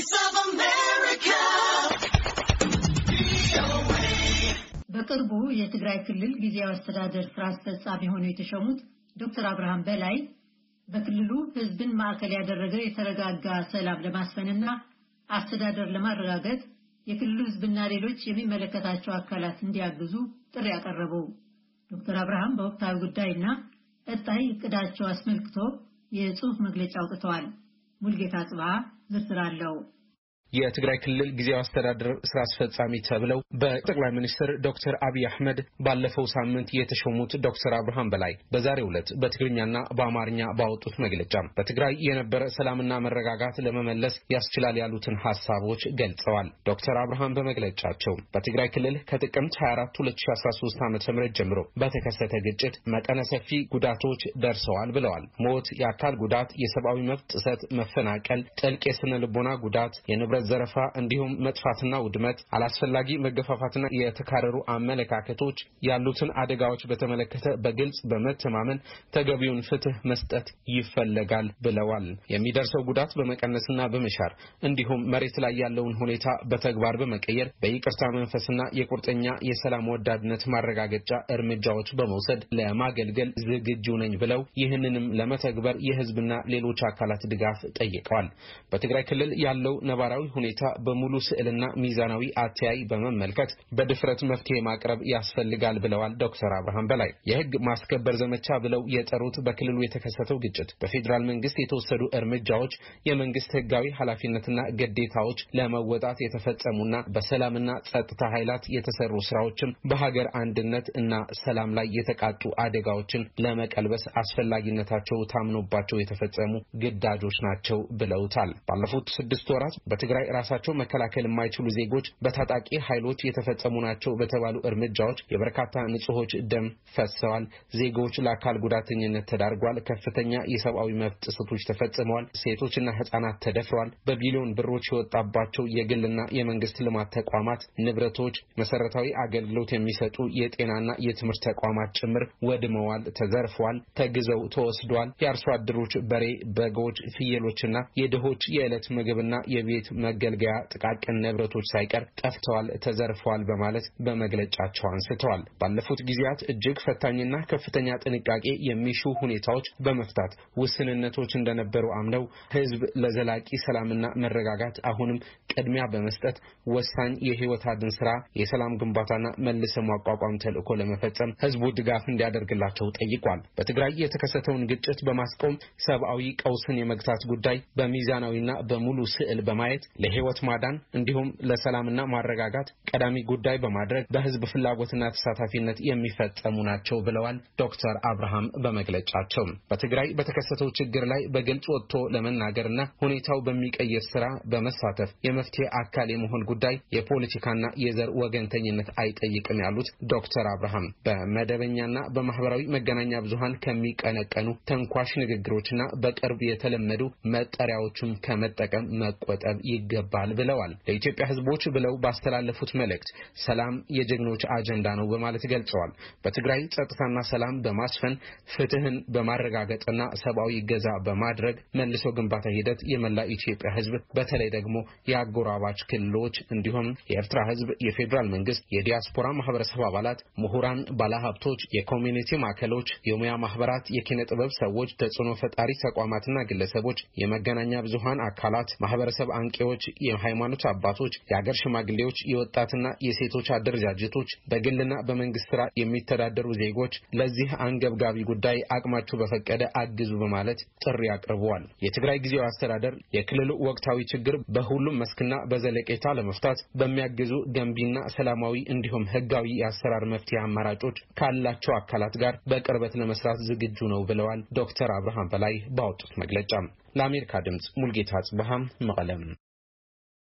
Voice of America. በቅርቡ የትግራይ ክልል ጊዜያዊ አስተዳደር ስራ አስፈጻሚ ሆነው የተሾሙት ዶክተር አብርሃም በላይ በክልሉ ሕዝብን ማዕከል ያደረገ የተረጋጋ ሰላም ለማስፈንና አስተዳደር ለማረጋገጥ የክልሉ ሕዝብና ሌሎች የሚመለከታቸው አካላት እንዲያግዙ ጥሪ ያቀረቡ ዶክተር አብርሃም በወቅታዊ ጉዳይና ቀጣይ እቅዳቸው አስመልክቶ የጽሑፍ መግለጫ አውጥተዋል። ሙልጌታ ጽባ ዝርዝር አለው። የትግራይ ክልል ጊዜያዊ አስተዳደር ስራ አስፈጻሚ ተብለው በጠቅላይ ሚኒስትር ዶክተር አብይ አህመድ ባለፈው ሳምንት የተሾሙት ዶክተር አብርሃም በላይ በዛሬው ዕለት በትግርኛና በአማርኛ ባወጡት መግለጫ በትግራይ የነበረ ሰላምና መረጋጋት ለመመለስ ያስችላል ያሉትን ሀሳቦች ገልጸዋል። ዶክተር አብርሃም በመግለጫቸው በትግራይ ክልል ከጥቅምት 24 2013 ዓ ም ጀምሮ በተከሰተ ግጭት መጠነ ሰፊ ጉዳቶች ደርሰዋል ብለዋል። ሞት፣ የአካል ጉዳት፣ የሰብአዊ መብት ጥሰት፣ መፈናቀል፣ ጥልቅ የስነ ልቦና ጉዳት፣ የንብረት ዘረፋ እንዲሁም መጥፋትና ውድመት፣ አላስፈላጊ መገፋፋትና የተካረሩ አመለካከቶች ያሉትን አደጋዎች በተመለከተ በግልጽ በመተማመን ተገቢውን ፍትህ መስጠት ይፈለጋል ብለዋል። የሚደርሰው ጉዳት በመቀነስና በመሻር እንዲሁም መሬት ላይ ያለውን ሁኔታ በተግባር በመቀየር በይቅርታ መንፈስና የቁርጠኛ የሰላም ወዳድነት ማረጋገጫ እርምጃዎች በመውሰድ ለማገልገል ዝግጁ ነኝ ብለው ይህንንም ለመተግበር የህዝብና ሌሎች አካላት ድጋፍ ጠይቀዋል። በትግራይ ክልል ያለው ነባራዊ ሁኔታ በሙሉ ስዕልና ሚዛናዊ አተያይ በመመልከት በድፍረት መፍትሄ ማቅረብ ያስፈልጋል ብለዋል ዶክተር አብርሃም በላይ። የህግ ማስከበር ዘመቻ ብለው የጠሩት በክልሉ የተከሰተው ግጭት በፌዴራል መንግስት የተወሰዱ እርምጃዎች የመንግስት ህጋዊ ኃላፊነትና ግዴታዎች ለመወጣት የተፈጸሙና በሰላምና ጸጥታ ኃይላት የተሰሩ ስራዎችም በሀገር አንድነት እና ሰላም ላይ የተቃጡ አደጋዎችን ለመቀልበስ አስፈላጊነታቸው ታምኖባቸው የተፈጸሙ ግዳጆች ናቸው ብለውታል። ባለፉት ስድስት ወራት በትግራይ ትግራይ ራሳቸው መከላከል የማይችሉ ዜጎች በታጣቂ ኃይሎች የተፈጸሙ ናቸው በተባሉ እርምጃዎች የበርካታ ንጹሆች ደም ፈሰዋል። ዜጎች ለአካል ጉዳተኝነት ተዳርጓል። ከፍተኛ የሰብአዊ መብት ጥሰቶች ተፈጽመዋል። ሴቶችና ህጻናት ተደፍረዋል። በቢሊዮን ብሮች የወጣባቸው የግልና የመንግስት ልማት ተቋማት ንብረቶች፣ መሰረታዊ አገልግሎት የሚሰጡ የጤናና የትምህርት ተቋማት ጭምር ወድመዋል፣ ተዘርፈዋል፣ ተግዘው ተወስዷል። የአርሶ አደሮች በሬ፣ በጎች፣ ፍየሎችና የድሆች የዕለት ምግብና የቤት መገልገያ ጥቃቅን ንብረቶች ሳይቀር ጠፍተዋል፣ ተዘርፈዋል በማለት በመግለጫቸው አንስተዋል። ባለፉት ጊዜያት እጅግ ፈታኝና ከፍተኛ ጥንቃቄ የሚሹ ሁኔታዎች በመፍታት ውስንነቶች እንደነበሩ አምነው ሕዝብ ለዘላቂ ሰላምና መረጋጋት አሁንም ቅድሚያ በመስጠት ወሳኝ የህይወት አድን ስራ፣ የሰላም ግንባታና መልሰ ማቋቋም ተልዕኮ ለመፈጸም ህዝቡ ድጋፍ እንዲያደርግላቸው ጠይቋል። በትግራይ የተከሰተውን ግጭት በማስቆም ሰብአዊ ቀውስን የመግታት ጉዳይ በሚዛናዊና በሙሉ ስዕል በማየት ለህይወት ማዳን እንዲሁም ለሰላምና ማረጋጋት ቀዳሚ ጉዳይ በማድረግ በህዝብ ፍላጎትና ተሳታፊነት የሚፈጸሙ ናቸው ብለዋል ዶክተር አብርሃም በመግለጫቸው። በትግራይ በተከሰተው ችግር ላይ በግልጽ ወጥቶ ለመናገርና ሁኔታው በሚቀይር ስራ በመሳተፍ የመፍትሄ አካል የመሆን ጉዳይ የፖለቲካና የዘር ወገንተኝነት አይጠይቅም ያሉት ዶክተር አብርሃም በመደበኛና በማህበራዊ መገናኛ ብዙሃን ከሚቀነቀኑ ተንኳሽ ንግግሮችና በቅርብ የተለመዱ መጠሪያዎችም ከመጠቀም መቆጠብ ይ ይገባል ብለዋል። ለኢትዮጵያ ህዝቦች ብለው ባስተላለፉት መልእክት ሰላም የጀግኖች አጀንዳ ነው በማለት ገልጸዋል። በትግራይ ጸጥታና ሰላም በማስፈን ፍትህን በማረጋገጥና ሰብአዊ ገዛ በማድረግ መልሶ ግንባታ ሂደት የመላ ኢትዮጵያ ህዝብ በተለይ ደግሞ የአጎራባች ክልሎች እንዲሁም የኤርትራ ህዝብ፣ የፌዴራል መንግስት፣ የዲያስፖራ ማህበረሰብ አባላት፣ ምሁራን፣ ባለሀብቶች፣ የኮሚኒቲ ማዕከሎች፣ የሙያ ማህበራት፣ የኪነ ጥበብ ሰዎች፣ ተጽዕኖ ፈጣሪ ተቋማትና ግለሰቦች፣ የመገናኛ ብዙሀን አካላት፣ ማህበረሰብ አንቂዎች ሰዎች፣ የሃይማኖት አባቶች፣ የአገር ሽማግሌዎች፣ የወጣትና የሴቶች አደረጃጀቶች፣ በግልና በመንግስት ስራ የሚተዳደሩ ዜጎች ለዚህ አንገብጋቢ ጉዳይ አቅማችሁ በፈቀደ አግዙ በማለት ጥሪ አቅርበዋል። የትግራይ ጊዜያዊ አስተዳደር የክልሉ ወቅታዊ ችግር በሁሉም መስክና በዘለቄታ ለመፍታት በሚያግዙ ገንቢና ሰላማዊ እንዲሁም ህጋዊ የአሰራር መፍትሄ አማራጮች ካላቸው አካላት ጋር በቅርበት ለመስራት ዝግጁ ነው ብለዋል ዶክተር አብርሃም በላይ ባወጡት መግለጫ። ለአሜሪካ ድምፅ ሙልጌታ አጽብሃም መቀለም